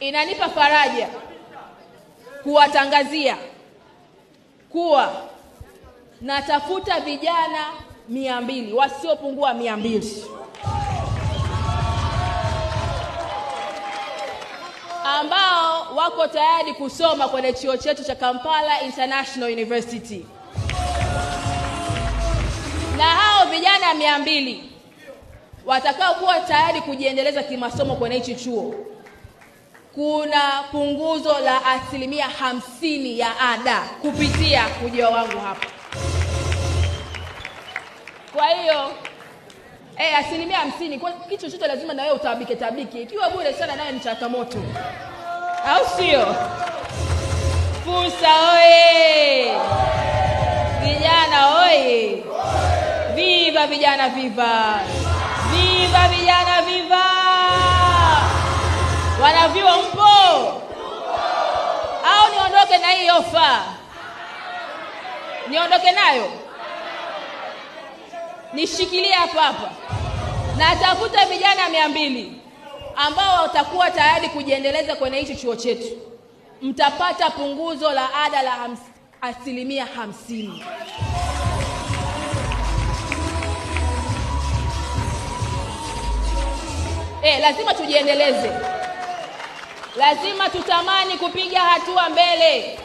Inanipa faraja kuwatangazia kuwa natafuta vijana mia mbili wasiopungua mia mbili ambao wako tayari kusoma kwenye chuo chetu cha Kampala International University, na hao vijana mia mbili watakaokuwa tayari kujiendeleza kimasomo kwenye hichi chuo kuna punguzo la asilimia hamsini ya ada kupitia ujio wangu hapa. Kwa hiyo eh, asilimia hamsini kwa kitu chochote lazima na wewe utabike tabike, ikiwa bure sana nayo ni changamoto, au sio? Fursa oye! Vijana oye! Viva vijana, viva viva vijana. Wanavyuo mpo au niondoke na hii ofa? Niondoke nayo, nishikilie hapa hapa. Natafuta vijana mia mbili ambao watakuwa tayari kujiendeleza kwenye hicho chuo chetu, mtapata punguzo la ada la hams, asilimia hamsini. E, lazima tujiendeleze lazima tutamani kupiga hatua mbele.